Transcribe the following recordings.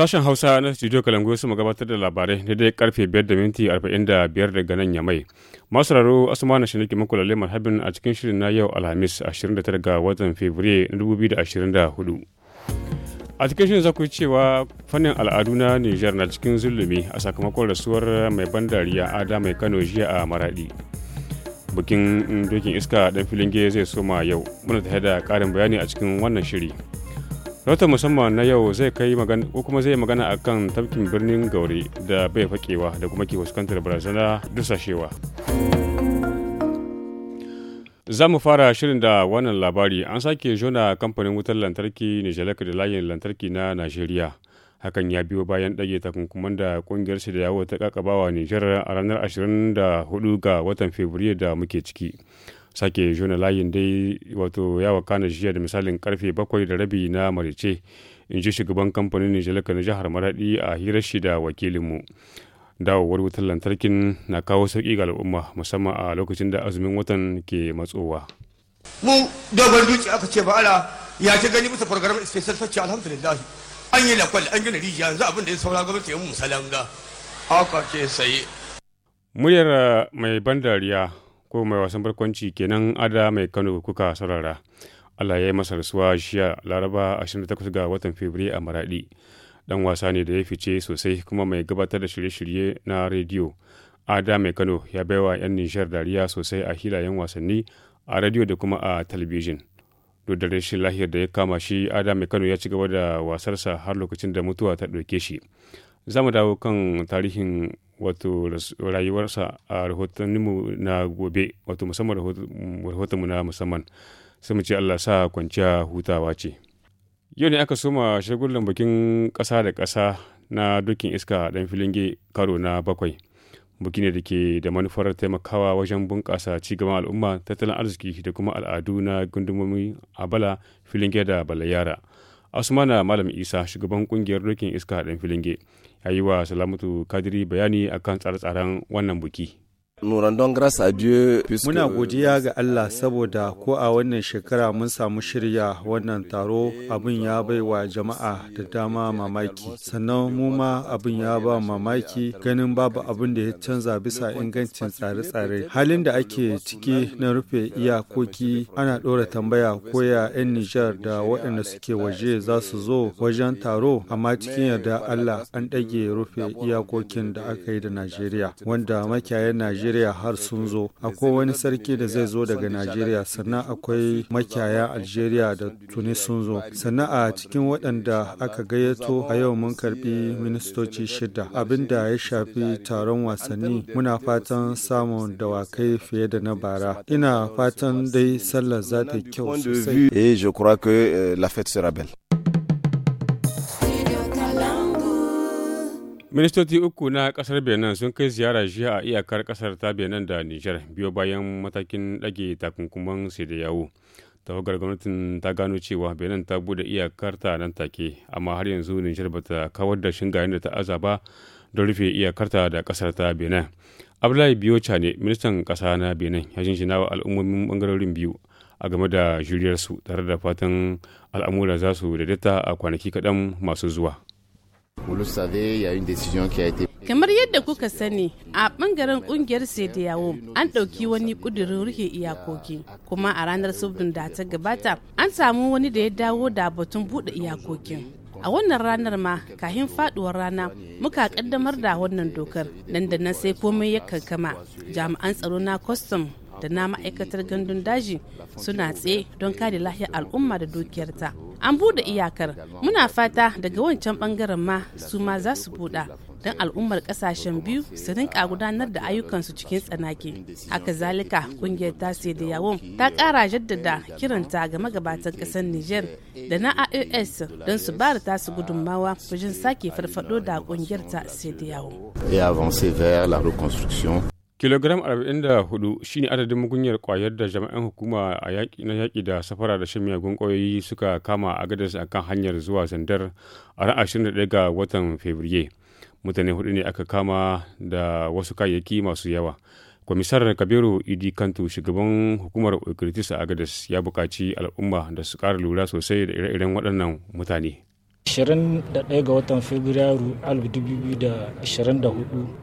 Sashen Hausa na Studio Kalangu su gabatar da labarai dai karfe 5 da minti 45 daga nan ya mai. Masu raro Asmanu na shinaki muku marhabin a cikin shirin na yau Alhamis 29 ga watan Fabrairu na 2024. A cikin shirin za ku cewa fannin al'adu na Nijar na cikin zulumi a sakamakon rasuwar mai ban dariya Ada mai Kano jiya a Maradi. Bikin dokin iska dan filinge zai soma yau. Muna tare da karin bayani a cikin wannan shiri. rahoton musamman na yau zai kai magana ko kuma zai magana akan tafkin birnin gauri da bai fakewa da kuma ke fuskantar barazana dusashewa za mu fara shirin da wannan labari an sake jona kamfanin wutar lantarki nijalaka da layin lantarki na najeriya hakan ya biyo bayan ɗage takunkuman da ƙungiyar da yawo ta kakabawa nijar a ranar 24 ga watan fabrairu da muke ciki sake juna layin dai wato ya kana jiya da misalin karfe bakwai da rabi na marice in ji shugaban kamfanin nijalaka na jihar maradi a hirar shi da wakilinmu dawowar wutar lantarkin na kawo sauƙi ga al'umma musamman a lokacin da azumin watan ke matsowa mu dogon duci aka ce ba ala ya ce gani bisa program special facci alhamdulillah an yi lakwal an gina rijiya yanzu abin da ya saura gwamnati mu musalam haka ce saye muryar mai ban dariya ko mai wasan barkwanci kenan ada mai kano kuka sarara allah ya yi masa rasuwa jiya laraba 28 ga watan fabri a maradi dan wasa ne da ya fice sosai kuma mai gabatar da shirye-shirye na rediyo ada mai kano ya baiwa 'yan nishar dariya sosai a hilayen wasanni a rediyo da kuma a talabijin duk da rashin lahiyar da ya kama shi ada mai kano ya ci gaba da wasarsa har lokacin da mutuwa ta ɗauke shi za mu dawo kan tarihin wato rayuwarsa a rahotanninmu na gobe wato musamman rahotonmu na musamman sai mu ce Allah sa kwanciya hutawa ce. Yau ne aka soma shagullan bikin ƙasa da ƙasa na dukin iska ɗan filin karo na bakwai. Buki ne da ke da manufar taimakawa wajen bunƙasa cigaban al'umma tattalin arziki da kuma al'adu na gundumomi a bala filin da balayara. asmana malam isa shugaban kungiyar dokin iska dan filinge ya yi wa salamatu kadiri bayani akan tsare-tsaren wannan buki Muna godiya ga Allah saboda ko a wannan shekara mun samu shirya wannan taro abin ya bai wa jama'a da dama mamaki. Sannan mu ma abin ya ba mamaki ganin babu abin da ya canza bisa ingancin tsare-tsare. Halin da ake ciki na rufe iyakoki ana ɗora tambaya ko ya 'yan Nijar da waɗanda suke waje za su zo wajen taro amma cikin yarda Allah an ɗage rufe iyakokin da aka yi da Najeriya wanda makiyayen Najeriya Najeriya har sun zo. Akwai wani sarki da zai zo daga Najeriya sannan akwai makiyaya Algeria da Tunis sun zo. Sannan a cikin waɗanda aka gayyato a yau mun karɓi ministoci shida. Abin da ya shafi taron wasanni muna fatan samun dawakai fiye da na bara. Ina fatan dai sallar za ta kyau sosai. Eh, euh, ministoci uku na kasar benin sun kai ziyara jiya a iyakar kasar ta benin da nijar biyo bayan matakin ɗage takunkuman sai da yawo tawagar gwamnatin ta gano cewa benin ta bude iyakar ta nan take amma har yanzu nijar ba ta kawar da shingayen da ta aza ba don rufe iyakar ta da kasar ta benin abdullahi biyocha ne ministan kasa na benin ya jinjina wa al'ummomin bangarorin biyu a game da juriyarsu tare da fatan al'amura za su daidaita a kwanaki kaɗan masu zuwa Kamar yadda kuka sani, a bangaren kungiyar Sediyawo an ɗauki wani ƙudurin rufe iyakoki, kuma a ranar sabbin da ta gabata an samu wani da ya dawo da batun buɗe iyakokin. a wannan ranar ma kahin faduwar rana muka ƙaddamar da wannan dokar nan da nan sai komai ya kankama jami'an tsaro na kwastam da na ma'aikatar gandun daji suna tsaye don kare lahiyar al'umma da dukiyarta an buɗe iyakar muna fata daga wancan bangaren ma su ma za su buɗa don al'ummar kasashen biyu su rinka gudanar da ayyukansu cikin tsanaki haka zalika kungiyar ta da yawon ta kara jaddada kiranta ga magabatan kasar niger da na ios e don su ba da tasu gudunmawa wajen sake farfado da kungiyar ta da yawon kilogram 44 shine adadin mugunyar kwayar da jami'an hukuma a yaƙi na yaƙi da safara da shan miyagun ƙwayoyi suka kama a gadas a kan hanyar zuwa zandar a ran 21 ga watan fevrier mutane hudu ne aka kama da wasu kayayyaki masu yawa kwamisar kabiru idi kanto shugaban hukumar okritis a gadas ya buƙaci al'umma da su ƙara lura sosai da ire-iren waɗannan mutane 21 ga watan Fabrairu 2024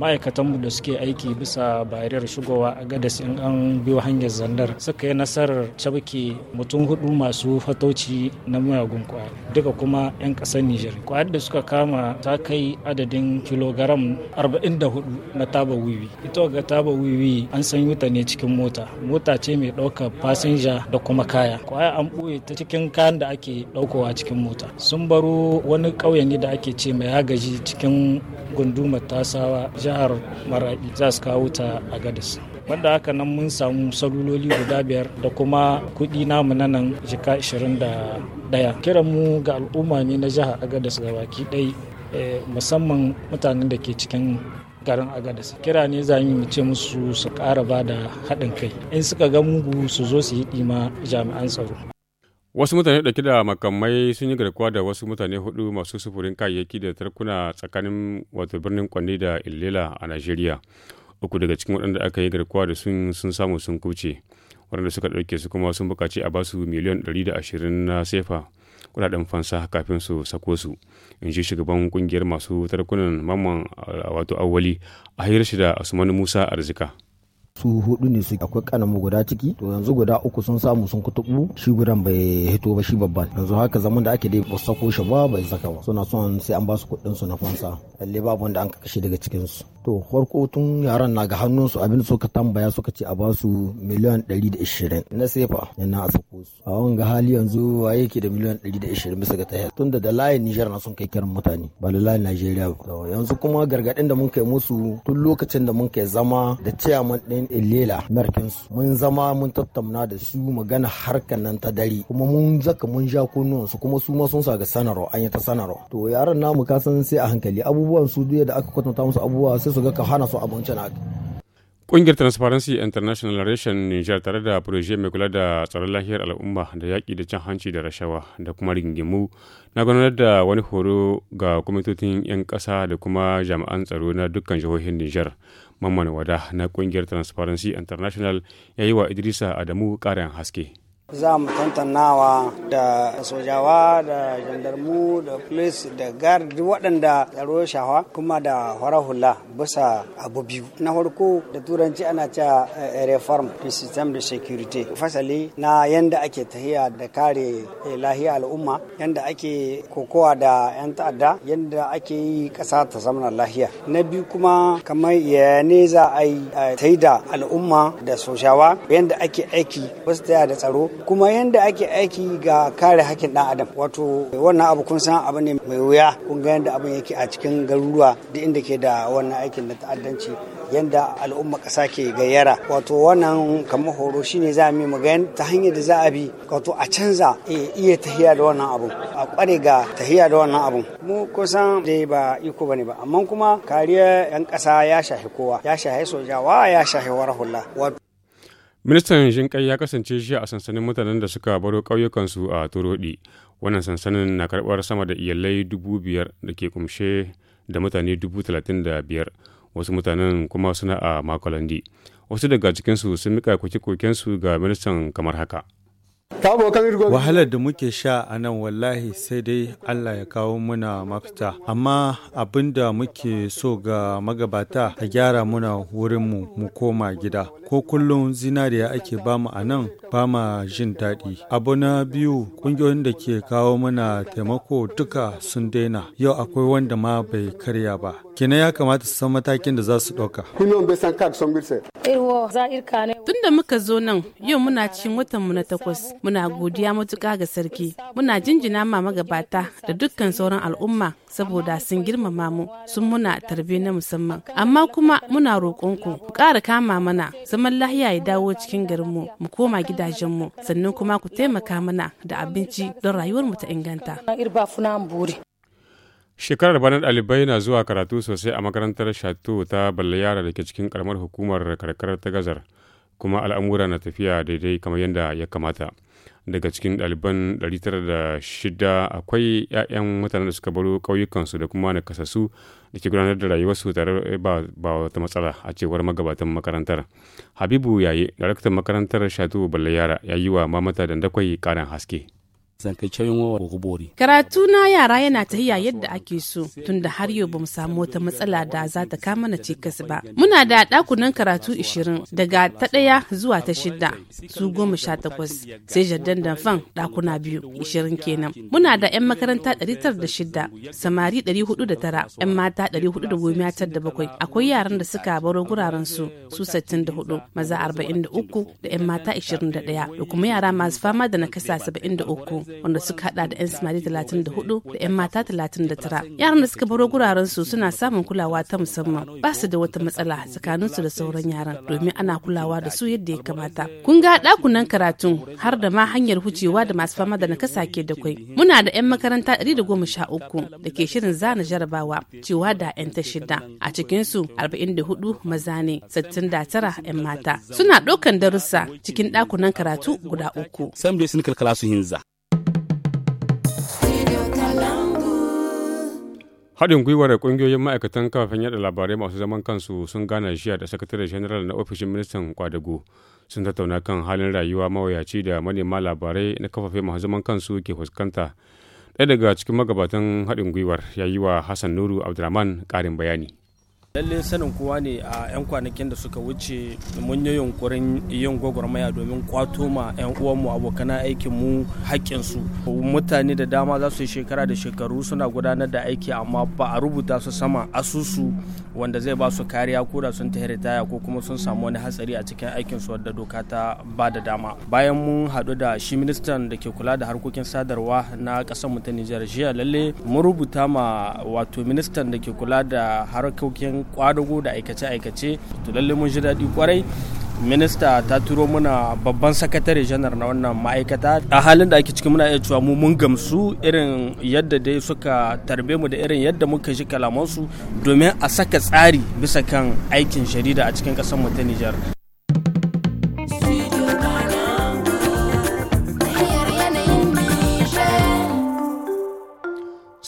ma'aikatanmu da suke aiki bisa bariyar shigowa a gadas in an biyo hanyar zandar suka yi nasarar cabke mutum hudu masu fatauci na mayagun kwaya duka kuma 'yan ƙasar Nijar. Kwayar da suka kama ta kai adadin kilogaram 44 na taba wiwi. Ita ga taba wiwi an san yuta ne cikin mota. Mota ce mai ɗaukar fasinja da kuma kaya. Kwaya an ɓoye ta cikin kayan da ake ɗaukowa cikin mota. Sun baro wani ƙauye ne da ake ce mai agaji cikin gundumar tasawa jihar maraɗi za su kawo ta a gadas wanda haka nan mun samu saluloli guda biyar da kuma kuɗi namu na nan jika 21 kiran mu ga al'umma ne na jihar agadas ga baki ɗai eh, musamman mutanen da ke cikin garin agadas kira ne za mu ce musu su ƙara ba da haɗin kai in suka ga mugu su zo su yi ɗima jami'an tsaro Wasu mutane ɗauke da makamai sun yi garkuwa da wasu mutane hudu masu sufurin kayayyaki da tarkuna tsakanin wato birnin Kwanne da illela a nigeria Uku daga cikin waɗanda aka yi garkuwa da sun sun samu sun kuce. Waɗanda suka ɗauke su kuma sun buƙaci a basu miliyan ɗari da ashirin na sefa kuɗaɗen fansa kafin su sako su. In ji shugaban ƙungiyar masu tarkunan mamman wato awali a hirar da Usman Musa Arzika. su hudu ne su akwai kanamu guda ciki to yanzu guda uku sun samu sun kutubu shi gudan bai hito ba shi babban yanzu haka zaman da ake dai ba sako shi ba bai saka ba suna son sai an ba su kuɗin su na fansa lalle babu wanda an kashe daga cikin su to farko tun yaran na ga hannun su abin suka tambaya suka ce a ba su miliyan 120 na sefa yana a sako su a ga hali yanzu wa ke da miliyan 120 bisa ga ta tun da layin Nijar na sun kai kiran mutane ba da layin Najeriya ba yanzu kuma gargadin da mun kai musu tun lokacin da mun kai zama da chairman din illela merkinsu mun zama mun tattauna da su magana harkar nan ta dare kuma mun zaka mun ja kunnuwansu kuma su ma sun sa ga sanarwa an yi ta sanarwa to yaran namu ka san sai a hankali abubuwan su duk da aka kwatanta musu abubuwa sai su ga ka hana su abincin na Ƙungiyar Transparency International Reshen Niger tare da Proje mai kula da tsaron lahiyar al'umma da yaƙi da cin hanci da rashawa da kuma rigingimu na gudanar da wani horo ga kwamitocin 'yan ƙasa da kuma jami'an tsaro na dukkan jihohin Niger. Mamman Wada na kungiyar Transparency International ya yi wa Idrisa Adamu ƙarin haske. za mu tantanawa da sojawa da jandarmu da polis da gar waɗanda tsaro shawa kuma da hula bisa abu biyu na farko da turanci ana cewa eh, reform in system da security fasali na yanda ake tahiya da kare eh, lahiya al'umma yanda ake kokowa da 'yan ta'adda yanda ake yi ƙasa ta zamana lahiya na biyu kuma kamar yayane za a yi ta da al'umma da sojawa yanda ake aiki ta da tsaro kuma yanda ake aiki ga kare hakkin dan adam wato wannan abu kun san abu ne mai wuya kun ga yadda abin yake a cikin garuruwa duk inda ke da wannan aikin na ta'addanci yadda al'umma kasa ke gayyara wato wannan kamar horo shine za mu ga ta hanyar da za a bi wato a canza eh, iya tahiya da wannan abu a kware ga tahiya da wannan abu mu kusan da ba iko bane ba amma kuma kariya yan kasa ya shahi kowa ya shahi sojawa ya shahi warahulla wato ministan shinkai ya kasance shi a sansanin mutanen da suka baro ƙauyukansu a turodi wannan sansanin na karɓar sama da iyalai dubu biyar da ke kumshe da mutane dubu talatin da biyar wasu mutanen kuma suna a makolandi wasu daga cikinsu sun mika koke su ga ministan kamar haka Wahalar da muke sha a nan wallahi sai dai Allah ya kawo muna mafita. Amma abin da muke so ga magabata a gyara muna wurinmu mu koma gida. Ko kullum zinariya ake bamu a nan ba ma jin daɗi. Abu na biyu ƙungiyoyin da ke kawo muna taimako duka sun daina. Yau akwai wanda ma bai karya ba. kina ya kamata su san matakin da za su ɗauka. Tunda muka zo nan yau muna cin watanmu na takwas. muna godiya matuƙa ga sarki muna jinjina ma magabata da dukkan sauran al'umma saboda sun girmama mu sun muna tarbe na musamman amma kuma muna roƙonku ku ƙara kama mana zaman lahiya ya dawo cikin garinmu mu koma gidajenmu sannan kuma ku taimaka mana da abinci don rayuwarmu ta inganta Shekarar bana ɗalibai na zuwa karatu sosai a makarantar shato ta Balayara da ke cikin karamar hukumar karkarar ta Gazar, kuma al'amura na tafiya daidai kamar yadda ya kamata. daga cikin ɗaliban 906 akwai 'ya'yan mutanen da suka baro ƙauyukansu da kuma nakasassu da ke gudanar da rayuwarsu tare ba wata matsala a cewar magabatan makarantar habibu yaye daraktan makarantar shatu balle yara ya yi wa mamata dandakwai ƙarin haske gobori. Karatu na yara yana tahiya yadda ake so tun da har yau bamu samu wata matsala da za ta kama na cikas ba. Muna da ɗakunan karatu 20 daga ta ɗaya zuwa ta shida su goma sha takwas sai jardin danfan ɗakuna biyu 20 kenan. Muna da 'yan makaranta 906 samari 409 'yan mata 417 akwai yaran da suka baro guraren su su 64 maza 43 da 'yan mata 21 da kuma yara masu fama da nakasa 73 wanda suka hada da 'yan samari 34 da 'yan mata 39. Yaran da suka baro guraren su suna samun kulawa ta musamman ba su da wata matsala tsakaninsu da sauran yaran domin ana kulawa da su yadda ya kamata. Kun ga ɗakunan karatun har da ma hanyar hucewa da masu fama da nakasa ke da kwai. Muna da 'yan makaranta 113 da ke shirin zana jarabawa cewa da 'yan ta shida. A cikinsu 44 maza ne, 69 'yan mata. Suna ɗaukan darussa cikin ɗakunan karatu guda uku. Sam dai sun kalkala su hinza. haɗin gwiwar da ƙungiyoyin ma'aikatan kafafen yada labarai masu zaman kansu sun gana jiya da sakatare general na ofishin ministan kwadago sun tattauna kan halin rayuwa mawuyaci da manema labarai na kafafe masu zaman kansu ke fuskanta ɗaya daga cikin magabatan haɗin gwiwar ya yi wa hassan nuru abdulrahman ƙarin bayani lalle sanin kowa ne a 'yan kwanakin da suka wuce mun yi yunkurin yin gwagwarmaya domin kwato ma 'yan uwanmu abokan aikin mu su. mutane da dama za su yi shekara da shekaru suna gudanar da aiki amma ba a rubuta su sama asusu wanda zai ba su kariya ko da sun ta ritaya ko kuma sun samu wani hatsari a cikin aikin su wadda doka ta ba da dama bayan mun haɗu da shi ministan da ke kula da harkokin sadarwa na ƙasar mu ta Nijar jiya lalle mun rubuta ma wato ministan da ke kula da harkokin kwadugo da aikace-aikace to lalle mun ji daɗi kwarai minista ta turo muna babban sakatare janar na wannan ma'aikata a halin da ake cikin muna iya cewa mu mun gamsu irin yadda dai suka tarbe mu da irin yadda muka ji kalamansu domin a saka tsari bisa kan aikin jarida a cikin ƙasar mu ta Nijar.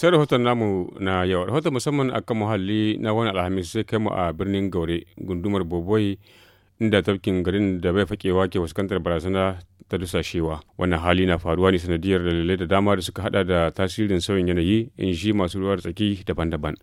sai rahoton namu na yau rahoton musamman akan muhalli na wani alhamis sai kai mu a birnin gaure gundumar boboi inda tafkin garin da bai fakewa ke fuskantar barazana ta dusashewa wannan hali na faruwa ne sanadiyar dalilai da dama da suka hada da tasirin sauyin yanayi in shi masu ruwa tsaki daban-daban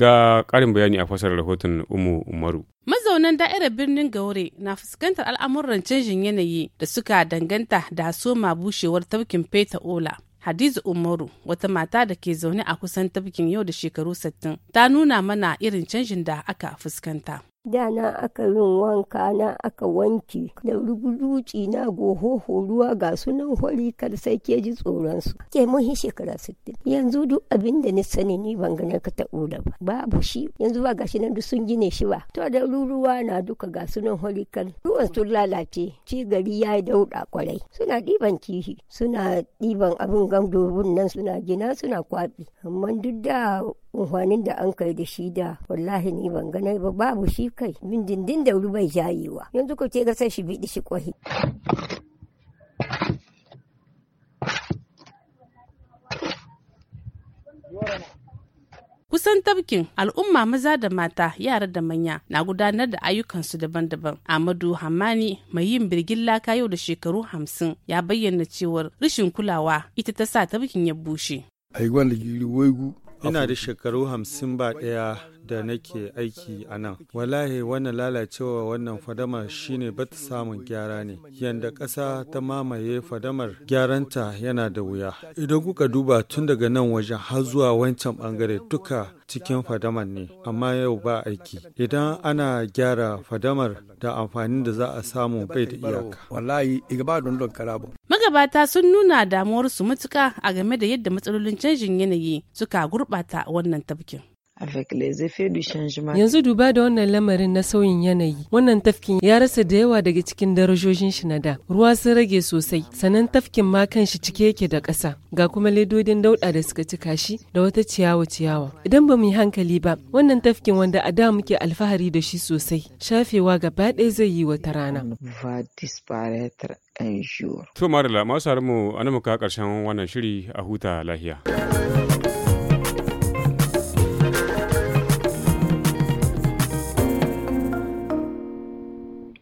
ga karin bayani a fasarar rahoton umu umaru mazaunan da'irar birnin gaure na fuskantar al'amuran canjin yanayi da suka danganta da soma bushewar tafkin peta ola Hadiza Umaru wata mata da ke zaune a kusan tafkin yau da shekaru 60 ta nuna mana irin canjin da aka fuskanta. da na aka yin wanka na aka wanke. da rubuci na gohoho ruwa ga sunan hori kar sai ke ji tsoron su ke mun shekara sittin yanzu duk abin da ni sani ni ban ganin ka ta'ura ba babu shi yanzu ba gashi nan duk sun gine shi ba to da ruruwa na duka ga sunan hori kar ruwan sun lalace ci gari ya yi dauɗa kwarai suna diban kihi suna ɗiban abin gamdobin nan suna gina suna kwabi amma duk da unhwanin da an kai da shi da wallahi ni ban ganar ba babu shi kai min dindin da wuri bai jayewa yanzu ko ke gasar shi bidi shi kwahi. kusan tabkin al'umma maza da mata yara da manya na gudanar da ayyukansu daban-daban amadu hamani mai yin birgin laka yau da shekaru hamsin ya bayyana cewar rashin kulawa ita ta sa tabkin ya bushe ina da shekaru hamsin ba ɗaya da nake aiki a nan wallahi wannan lalacewa wannan fadamar shine ba ta samun gyara ne yadda ƙasa ta mamaye fadamar gyaranta yana da wuya idan kuka duba tun daga nan wajen har zuwa wancan bangare duka cikin fadamar ne amma yau ba aiki idan ana gyara fadamar da amfanin da za a samu bai da iyaka wallahi don karabo magabata sun nuna damuwarsu matuka a game da yadda matsalolin canjin yanayi suka gurɓata wannan tafkin Yanzu duba da wannan lamarin na sauyin yanayi, wannan tafkin ya rasa da yawa daga cikin darajojin shi na da. Ruwa sun rage sosai, sannan tafkin ma kanshi cike yake da ƙasa, ga kuma ledodin dauɗa da suka cika shi da wata ciyawa ciyawa. Idan ba mu yi hankali ba, wannan tafkin wanda a da muke alfahari da shi sosai, shafewa gaba ɗaya zai yi wata rana. To Marila, masu mu an muka ƙarshen wannan shiri a huta lahiya.